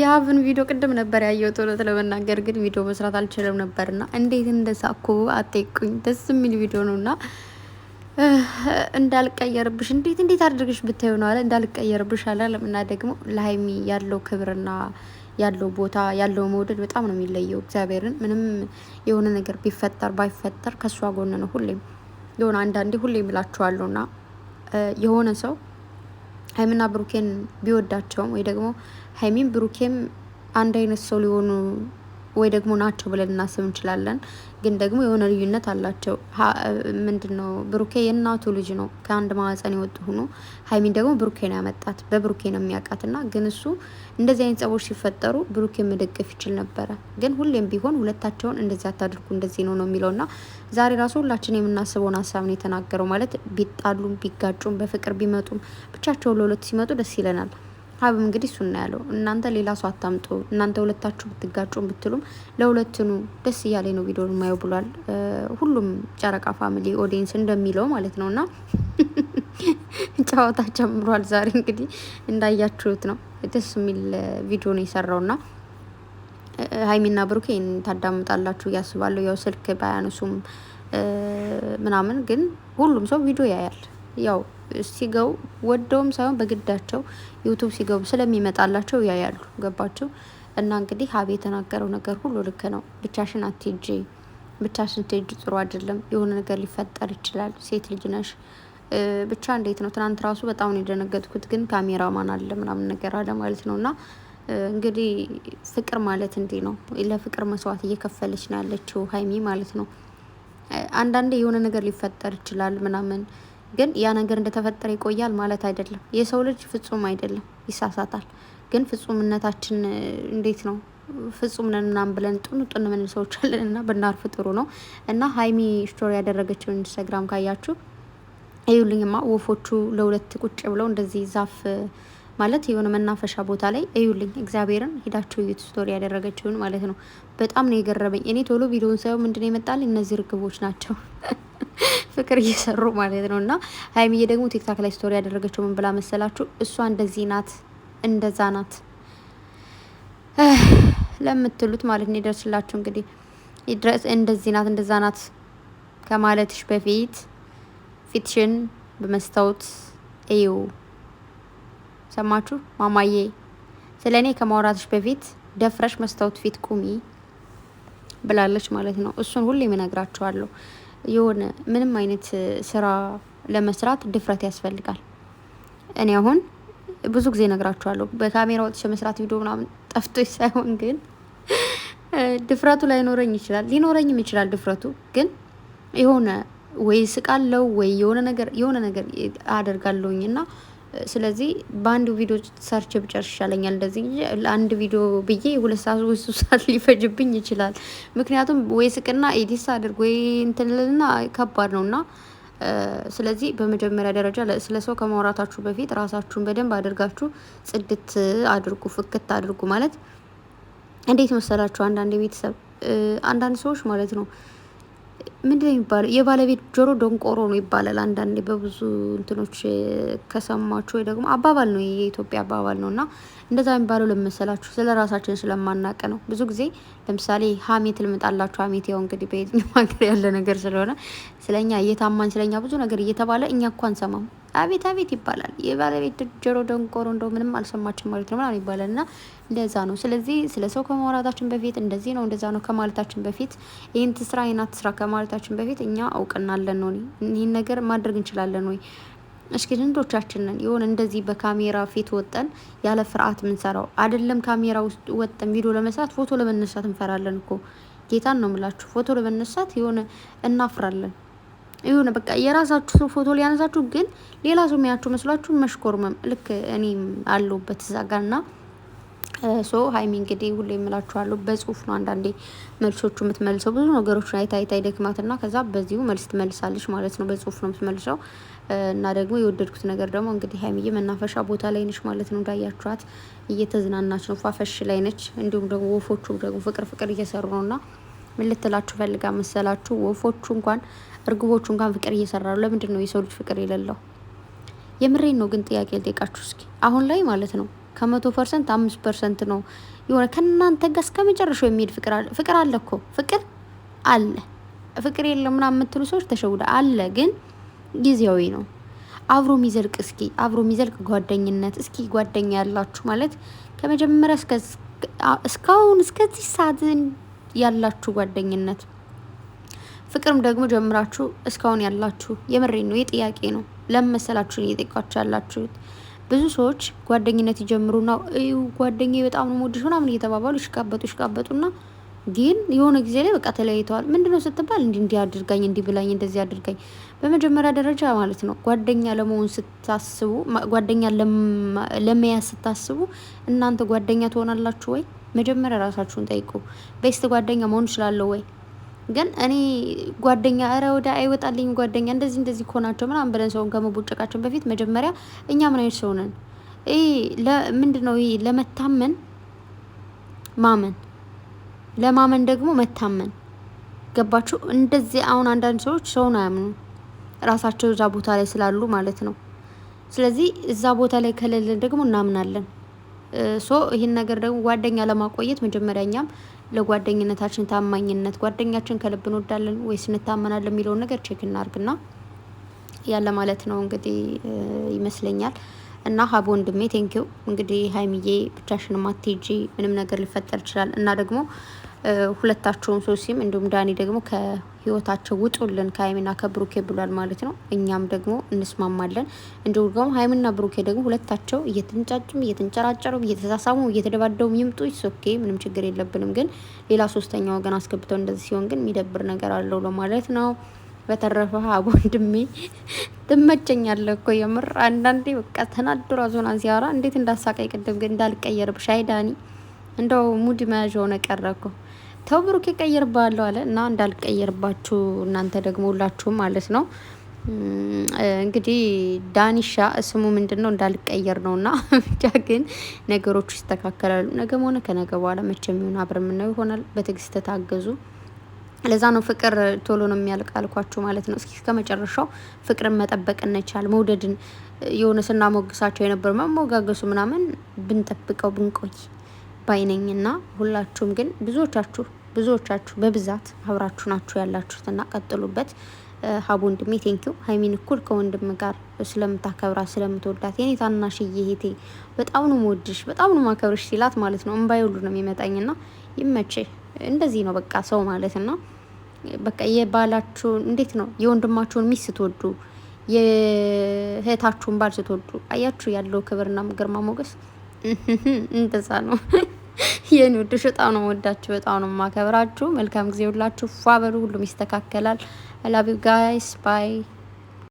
የሀብን ቪዲዮ ቅድም ነበር ያየሁት። እውነት ለመናገር ግን ቪዲዮ መስራት አልችልም ነበርና እንዴት እንደሳኩ አትቁኝ። ደስ የሚል ቪዲዮ ነውና እንዳልቀየርብሽ እንዴት እንዴት አድርግሽ ብታዩ ነው አለ እንዳልቀየርብሽ አለ ለምና ደግሞ ለሀይሚ ያለው ክብርና ያለው ቦታ ያለው መውደድ በጣም ነው የሚለየው። እግዚአብሔርን ምንም የሆነ ነገር ቢፈጠር ባይፈጠር ከእሷ ጎን ነው ሁሌም የሆነ አንዳንዴ ሁሌ እምላችኋለሁ ና የሆነ ሰው ሀይምና ብሩኬን ቢወዳቸውም ወይ ደግሞ ሀይሚን ብሩኬም አንድ አይነት ሰው ሊሆኑ ወይ ደግሞ ናቸው ብለን እናስብ እንችላለን። ግን ደግሞ የሆነ ልዩነት አላቸው። ምንድን ነው ብሩኬ የእናቱ ልጅ ነው ከአንድ ማህፀን የወጡ ሆኖ፣ ሀይሚን ደግሞ ብሩኬ ነው ያመጣት በብሩኬ ነው ና ግን እሱ እንደዚህ አይነት ጸቦች ሲፈጠሩ ብሩኬ መደገፍ ይችል ነበረ። ግን ሁሌም ቢሆን ሁለታቸውን እንደዚህ አታድርጉ እንደዚህ ነው ነው የሚለውና ዛሬ ራሱ ሁላችን የምናስበውን ሀሳብ ነው የተናገረው። ማለት ቢጣሉም ቢጋጩም በፍቅር ቢመጡም ብቻቸውን ለሁለት ሲመጡ ደስ ይለናል። ሀብም እንግዲህ እሱ ና ያለው እናንተ ሌላ ሰው አታምጡ፣ እናንተ ሁለታችሁ ብትጋጩ ብትሉም ለሁለትኑ ደስ እያለ ነው ቪዲዮ ማየው ብሏል። ሁሉም ጨረቃ ፋሚሊ ኦዲየንስ እንደሚለው ማለት ነው። እና ጨዋታ ጀምሯል። ዛሬ እንግዲህ እንዳያችሁት ነው ደስ የሚል ቪዲዮ ነው የሰራው ና ሀይሚና ብሩኬ ታዳምጣላችሁ እያስባለሁ። ያው ስልክ ባያነሱም ምናምን ግን ሁሉም ሰው ቪዲዮ ያያል ያው ሲገቡ ወደውም ሳይሆን በግዳቸው ዩቱብ ሲገቡ ስለሚመጣላቸው ያያሉ። ገባቸው እና እንግዲህ ሀብ የተናገረው ነገር ሁሉ ልክ ነው። ብቻሽን አትሄጂ፣ ብቻሽን ትሄጂ ጥሩ አይደለም። የሆነ ነገር ሊፈጠር ይችላል። ሴት ልጅ ነሽ። ብቻ እንዴት ነው ትናንት ራሱ በጣም ነው የደነገጥኩት፣ ግን ካሜራ ማን አለ ምናምን ነገር አለ ማለት ነው እና እንግዲህ ፍቅር ማለት እንዲህ ነው። ለፍቅር መስዋዕት እየከፈለች ነው ያለችው ሀይሚ ማለት ነው። አንዳንዴ የሆነ ነገር ሊፈጠር ይችላል ምናምን ግን ያ ነገር እንደተፈጠረ ይቆያል ማለት አይደለም። የሰው ልጅ ፍጹም አይደለም፣ ይሳሳታል። ግን ፍጹምነታችን እንዴት ነው? ፍጹም ነን ምናምን ብለን ጥኑ ጥን ምን ሰዎች አለን እና ብናርፍ ጥሩ ነው። እና ሀይሚ ስቶሪ ያደረገችው ኢንስታግራም ካያችሁ ይሁልኝማ ወፎቹ ለሁለት ቁጭ ብለው እንደዚህ ዛፍ ማለት የሆነ መናፈሻ ቦታ ላይ እዩልኝ፣ እግዚአብሔርን ሄዳችሁ እዩት፣ ስቶሪ ያደረገችውን ማለት ነው። በጣም ነው የገረመኝ። እኔ ቶሎ ቪዲዮን ሳየው ምንድን ነው የመጣልኝ እነዚህ ርግቦች ናቸው ፍቅር እየሰሩ ማለት ነው። እና ሀይሚዬ ደግሞ ቲክታክ ላይ ስቶሪ ያደረገችው ምን ብላ መሰላችሁ? እሷ እንደዚህ ናት፣ እንደዛ ናት ለምትሉት ማለት ነው ይደርስላችሁ። እንግዲህ እንደዚህ ናት፣ እንደዛ ናት ከማለትሽ በፊት ፊትሽን በመስታወት እዩ። ሰማችሁ ማማዬ፣ ስለ እኔ ከማውራትሽ በፊት ደፍረሽ መስታወት ፊት ቁሚ ብላለች ማለት ነው። እሱን ሁሌም እነግራችኋለሁ። የሆነ ምንም አይነት ስራ ለመስራት ድፍረት ያስፈልጋል። እኔ አሁን ብዙ ጊዜ እነግራችኋለሁ። በካሜራ ወጥቼ መስራት ቪዲዮ ምናምን ጠፍቶች ሳይሆን ግን ድፍረቱ ላይኖረኝ ይችላል፣ ሊኖረኝም ይችላል። ድፍረቱ ግን የሆነ ወይ ስቃለው ወይ የሆነ ነገር የሆነ ነገር አደርጋለሁኝ እና ስለዚህ በአንድ ቪዲዮ ሰርች ብጨርስ ይሻለኛል። እንደዚህ ለአንድ ቪዲዮ ብዬ ሁለት ሰዓት ወይ ሶስት ሰዓት ሊፈጅብኝ ይችላል። ምክንያቱም ወይ ስቅና ኤዲስ አድርግ ወይ እንትልልና ከባድ ነው እና ስለዚህ በመጀመሪያ ደረጃ ስለ ሰው ከማውራታችሁ በፊት ራሳችሁን በደንብ አድርጋችሁ ጽድት አድርጉ፣ ፍክት አድርጉ ማለት እንዴት መሰላችሁ? አንዳንድ ቤተሰብ አንዳንድ ሰዎች ማለት ነው ምንድን የሚባለው የባለቤት ጆሮ ደንቆሮ ነው ይባላል። አንዳንዴ በብዙ እንትኖች ከሰማችሁ ወይ ደግሞ አባባል ነው የኢትዮጵያ አባባል ነው እና እንደዛ የሚባለው ለመሰላችሁ ስለ ራሳችን ስለማናውቅ ነው። ብዙ ጊዜ ለምሳሌ ሀሜት ልምጣላችሁ። ሀሜት ያው እንግዲህ በየትኛው ሀገር ያለ ነገር ስለሆነ ስለኛ እየታማኝ ስለኛ ብዙ ነገር እየተባለ እኛ እኮ አንሰማም። አቤት አቤት ይባላል። የባለቤት ጆሮ ደንቆሮ እንደው ምንም አልሰማችም ማለት ነው ምናምን ይባላል እና እንደዛ ነው። ስለዚህ ስለ ሰው ከማውራታችን በፊት እንደዚህ ነው እንደዛ ነው ከማለታችን በፊት ይህን ትስራ ይህን አትስራ ከማለታችን በፊት እኛ እውቅና አለን ነው ይህን ነገር ማድረግ እንችላለን ወይ እስኪ ህንዶቻችንን የሆነ እንደዚህ በካሜራ ፊት ወጠን ያለ ፍርሃት የምንሰራው አይደለም። ካሜራ ውስጥ ወጠን ቪዲዮ ለመስራት ፎቶ ለመነሳት እንፈራለን እኮ ጌታን ነው ምላችሁ። ፎቶ ለመነሳት የሆነ እናፍራለን። የሆነ በቃ የራሳችሁ ሰው ፎቶ ሊያነሳችሁ፣ ግን ሌላ ሰው የሚያችሁ መስሏችሁ መሽኮርመም። ልክ እኔ አለሁበት እዛ ጋር ና ሶ ሀይሚ እንግዲህ ሁሌ የምላችኋለሁ በጽሁፍ ነው አንዳንዴ መልሶቹ የምትመልሰው። ብዙ ነገሮችን አይታ አይታ ና ከዛ በዚሁ መልስ ትመልሳለች ማለት ነው። በጽሁፍ ነው የምትመልሰው። እና ደግሞ የወደድኩት ነገር ደግሞ እንግዲህ ሀይሚዬ መናፈሻ ቦታ ላይ ነች ማለት ነው። እንዳያችኋት እየተዝናናች ነው፣ ፏፈሽ ላይ ነች። እንዲሁም ደግሞ ወፎቹ ደግሞ ፍቅር ፍቅር እየሰሩ ነውና ምን ልትላችሁ ፈልጋ መሰላችሁ? ወፎቹ እንኳን እርግቦቹ እንኳን ፍቅር እየሰራሉ። ለምንድን ነው የሰው ልጅ ፍቅር የሌለው? የምሬን ነው። ግን ጥያቄ ልጠይቃችሁ እስኪ። አሁን ላይ ማለት ነው ከመቶ ፐርሰንት አምስት ፐርሰንት ነው የሆነ ከእናንተ ጋር እስከ መጨረሻው የሚሄድ ፍቅር አለ። ፍቅር አለ እኮ ፍቅር አለ። ፍቅር የለም ምናምን የምትሉ ሰዎች ተሸውደ አለ። ግን ጊዜያዊ ነው። አብሮ የሚዘልቅ እስኪ አብሮ የሚዘልቅ ጓደኝነት እስኪ ጓደኛ ያላችሁ ማለት ከመጀመሪያ እስከ እስካሁን እስከዚህ ሰዓት ያላችሁ ጓደኝነት ፍቅርም ደግሞ ጀምራችሁ እስካሁን ያላችሁ የምሬ ነው። የጥያቄ ነው። ለምን መሰላችሁን እየጠየቃችሁ ያላችሁት? ብዙ ሰዎች ጓደኝነት ይጀምሩና እዩ ጓደኛ በጣም ነው ሞድሽ ምናምን እየተባባሉ ይሽቃበጡ ይሽቃበጡና ግን የሆነ ጊዜ ላይ በቃ ተለያይተዋል። ምንድነው ስትባል እንዲ እንዲ አድርጋኝ እንዲ ብላኝ እንደዚህ አድርጋኝ። በመጀመሪያ ደረጃ ማለት ነው ጓደኛ ለመሆን ስታስቡ ጓደኛ ለመያዝ ስታስቡ እናንተ ጓደኛ ትሆናላችሁ ወይ? መጀመሪያ ራሳችሁን ጠይቁ። ቤስት ጓደኛ መሆን እችላለሁ ወይ? ግን እኔ ጓደኛ እረ ወደ አይወጣልኝ ጓደኛ እንደዚህ እንደዚህ ከሆናቸው ምናምን ብለን ሰውን ከመቦጨቃችን በፊት መጀመሪያ እኛ ምን አይነት ሰው ነን? ይህ ምንድን ነው? ይህ ለመታመን ማመን፣ ለማመን ደግሞ መታመን። ገባችሁ? እንደዚህ አሁን አንዳንድ ሰዎች ሰውን አያምኑ ራሳቸው እዛ ቦታ ላይ ስላሉ ማለት ነው። ስለዚህ እዛ ቦታ ላይ ከሌለን ደግሞ እናምናለን። ሶ ይህን ነገር ደግሞ ጓደኛ ለማቆየት መጀመሪያኛም ለጓደኝነታችን ታማኝነት ጓደኛችን ከልብ እንወዳለን ወይስ እንታመናለን የሚለውን ነገር ቼክ እናርግና ያለ ማለት ነው እንግዲህ ይመስለኛል። እና ሀብ ወንድሜ ቴንኪው። እንግዲህ ሀይሚዬ ብቻሽን ማቴጂ ምንም ነገር ሊፈጠር ይችላል እና ደግሞ ሁለታቸውም ሶሲም እንዲሁም ዳኒ ደግሞ ከህይወታቸው ውጡልን ከሀይሚና ከብሩኬ ብሏል ማለት ነው። እኛም ደግሞ እንስማማለን። እንዲሁም ደግሞ ሀይሚና ብሩኬ ደግሞ ሁለታቸው እየተንጫጩም እየተንጨራጨሩም እየተሳሳሙ እየተደባደቡም ይምጡ ይሶኬ ምንም ችግር የለብንም። ግን ሌላ ሶስተኛ ወገን አስገብተው እንደዚህ ሲሆን ግን የሚደብር ነገር አለው ለማለት ነው። በተረፈ አቦ ወንድሜ ትመቸኛለህ እኮ የምር አንዳንዴ በቃ ተናድሮ ዞናን ሲያወራ እንዴት እንዳሳቀኝ ቅድም ግን እንዳልቀየርብሽ አይዳኒ እንደው ሙድ መያዣ ሆነ ቀረ እኮ ተው ብሩክ ይቀይርባለሁ አለ እና እንዳልቀየርባችሁ እናንተ ደግሞ ሁላችሁም ማለት ነው። እንግዲህ ዳኒሻ ስሙ ምንድን ነው እንዳልቀየር ነው እና ብቻ ግን ነገሮቹ ይስተካከላሉ። ነገም ሆነ ከነገ በኋላ መቼ የሚሆን አብረ የምናየው ይሆናል። በትዕግስት ተታገዙ። ለዛ ነው ፍቅር ቶሎ ነው የሚያልቅ አልኳችሁ ማለት ነው። እስኪ ከመጨረሻው ፍቅርን መጠበቅ እንቻል መውደድን የሆነ ስናሞግሳቸው የነበረ መሞጋገሱ ምናምን ብንጠብቀው ብንቆይ ባይነኝና ሁላችሁም ግን ብዙዎቻችሁ ብዙዎቻችሁ በብዛት አብራችሁ ናችሁ ያላችሁት እና ቀጥሉበት። ሀቡ ወንድሜ ቴንኪው። ሀይሚን እኩል ከወንድም ጋር ስለምታከብራት ስለምትወዳት የኔ ታናሽዬ እህቴ በጣም ነው የምወድሽ በጣም ነው ማከብርሽ ሲላት ማለት ነው እምባዬ ሁሉ ነው ና ይመቼ እንደዚህ ነው በቃ ሰው ማለት ና በቃ የባላችሁ እንዴት ነው የወንድማችሁን ሚስት ስትወዱ የእህታችሁን ባል ስትወዱ አያችሁ ያለው ክብርና ግርማ ሞገስ እንደዛ ነው። የኔ ውዶች በጣም ነው ወዳችሁ፣ በጣም ነው ማከብራችሁ። መልካም ጊዜ ሁላችሁ ፏ በሉ። ሁሉም ይስተካከላል። ላቪው ጋይስ ባይ